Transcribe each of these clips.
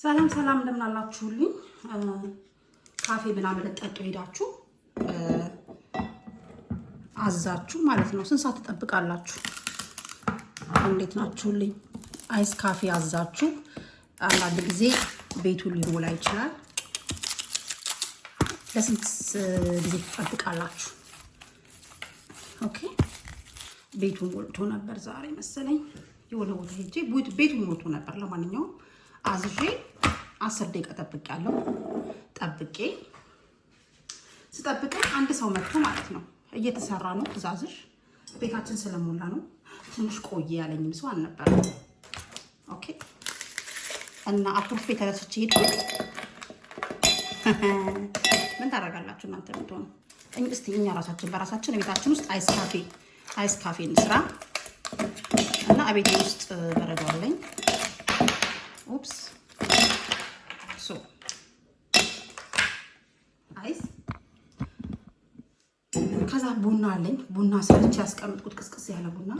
ሰላም ሰላም፣ እንደምን አላችሁልኝ? ካፌ ምናምን ልጠጡ ሄዳችሁ አዛችሁ ማለት ነው። ስንት ሰዓት ትጠብቃላችሁ? እንዴት ናችሁልኝ? አይስ ካፌ አዛችሁ። አንዳንድ ጊዜ ቤቱ ሊሞላ ይችላል። ለስንት ጊዜ ትጠብቃላችሁ? ኦኬ ቤቱ ሞልቶ ነበር ዛሬ መሰለኝ። የሆነ ቦታ ሄጄ ቤቱ ሞልቶ ነበር። ለማንኛውም አዝዤ አስር ደቂቃ ጠብቄያለሁ። ጠብቄ ስጠብቅ አንድ ሰው መጥቶ ማለት ነው እየተሰራ ነው ትእዛዝሽ ቤታችን ስለሞላ ነው ትንሽ ቆየ ያለኝም ሰው አልነበረም። ኦኬ እና አኩርፌ ተነስቼ ሄድ ምን ታደርጋላችሁ እናንተ ብትሆኑ እስቲ እኛ ራሳችን በራሳችን ቤታችን ውስጥ አይስ ካፌ አይስ ካፌ እንስራ እና አቤቴ ውስጥ በረዶ አለኝ Ups. So. አይስ ከዛ ቡና አለኝ። ቡና ሰርቼ ያስቀምጥኩት ቅስቅስ ያለ ቡና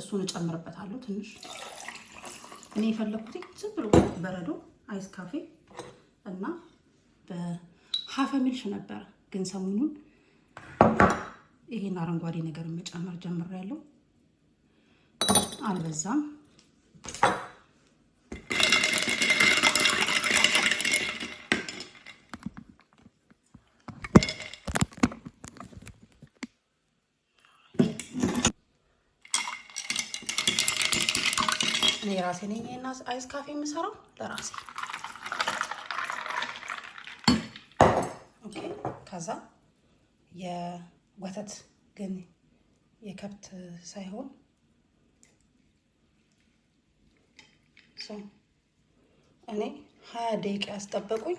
እሱን እጨምርበታለሁ። ትንሽ እኔ የፈለኩት ዝም ብሎ በረዶ አይስ ካፌ እና በሀፈ ሚልሽ ነበረ፣ ግን ሰሞኑን ይሄን አረንጓዴ ነገር መጨመር ጀምሬያለሁ። አልበዛም። እኔ ራሴ ነኝ ይሄን አይስ ካፌ የምሰራው ለራሴ። ኦኬ ከዛ የወተት ግን የከብት ሳይሆን እኔ ሀያ ደቂቃ ያስጠበቁኝ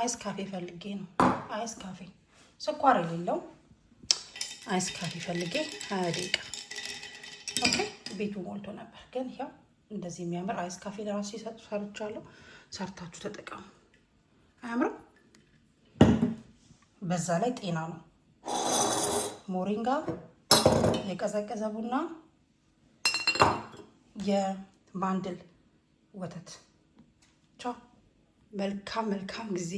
አይስ ካፌ ፈልጌ ነው። አይስ ካፌ ስኳር የሌለው አይስ ካፌ ፈልጌ ሀያ ደቂቃ ቤቱ ሞልቶ ነበር ግን ያው እንደዚህ የሚያምር አይስ ካፌ ለራሱ ሰርቻለሁ። ሰርታችሁ ተጠቀሙ። አያምርም? በዛ ላይ ጤና ነው። ሞሪንጋ፣ የቀዘቀዘ ቡና፣ የማንድል ወተት። ቻው። መልካም መልካም ጊዜ